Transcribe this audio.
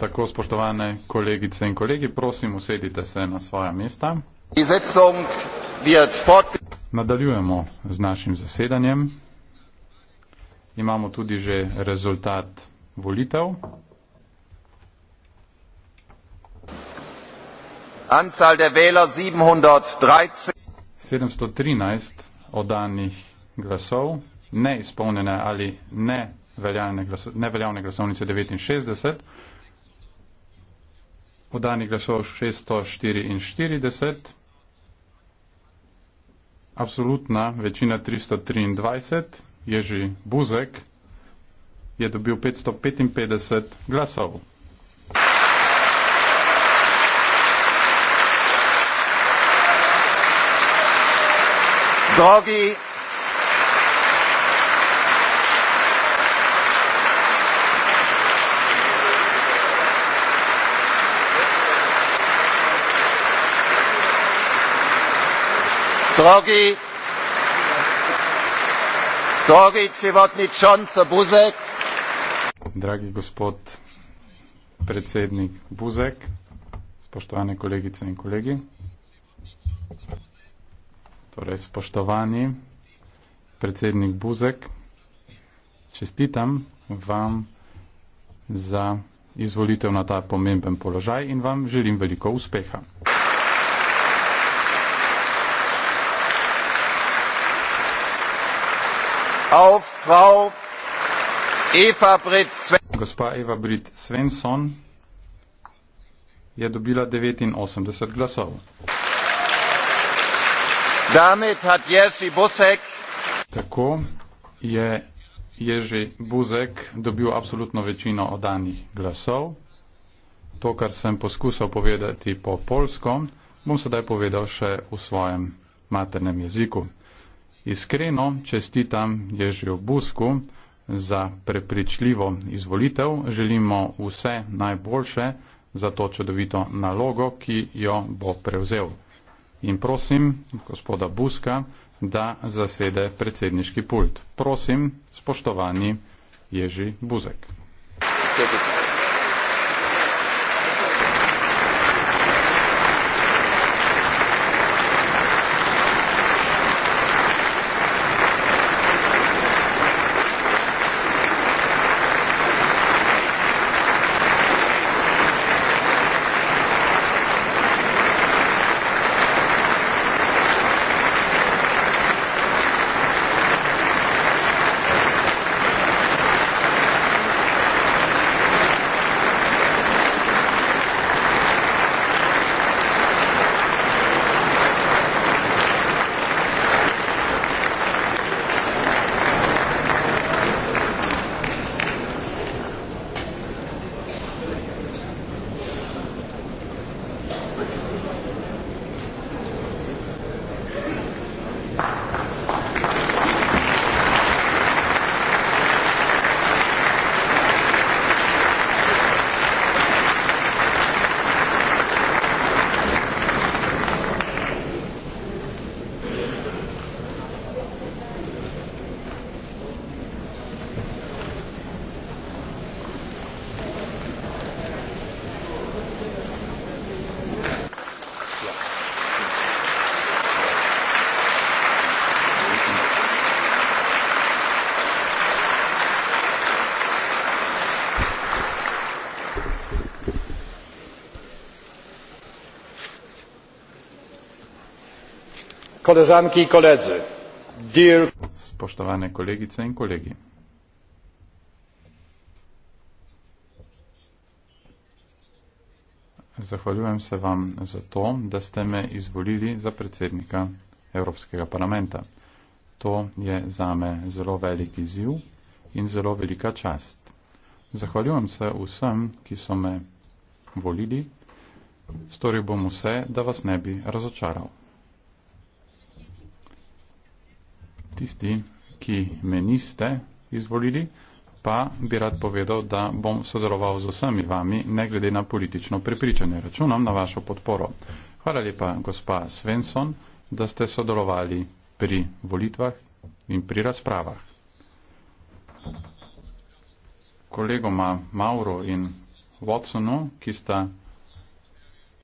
Tako, spoštovane kolegice in kolegi, prosim, usedite se na svoja mesta. Nadaljujemo z našim zasedanjem. Imamo tudi že rezultat volitev. Anzahl der Wähler 713 oddanih glasov, neizpolnjene ali ne neveljavne glasovnice 69, podani glasov 644, absolutna večina 323, Ježi Buzek je dobil 555 glasov. Drogi Drogi, drogi čivotni čonca Buzek. Dragi gospod predsednik Buzek, spoštovane kolegice in kolegi, torej spoštovani predsednik Buzek, čestitam vam za izvolitev na ta pomemben položaj in vam želim veliko uspeha. auf Frau Eva Britt Svensson. Gospa Eva Britt Svensson je dobila 89 glasov. Damit hat Jerzy Busek Tako je Jerzy Buzek dobil absolutno večino odanih glasov. To, kar sem poskusal povedati po polsko, bom sedaj povedal še v svojem maternem jeziku. Iskreno čestitam Ježi Obusku za prepričljivo izvolitev. Želimo vse najboljše za to čudovito nalogo, ki jo bo prevzel. In prosim gospoda Buska, da zasede predsedniški pult. Prosim, spoštovani Ježi Buzek. Hvala. koleżanki i koledzy. Dear... Spoštovane kolegice in kolegi. Zahvaljujem se vam za to, da ste me izvolili za predsednika Evropskega parlamenta. To je zame zelo velik izziv in zelo velika čast. Zahvaljujem se vsem, ki so me volili. Storil bom vse, da vas ne bi razočaral. tisti, ki me niste izvolili, pa bi rad povedal, da bom sodeloval z vsemi vami, ne glede na politično prepričanje. Računam na vašo podporo. Hvala lepa, gospa Svensson, da ste sodelovali pri volitvah in pri razpravah. Kolegoma Mauro in Watsonu, ki sta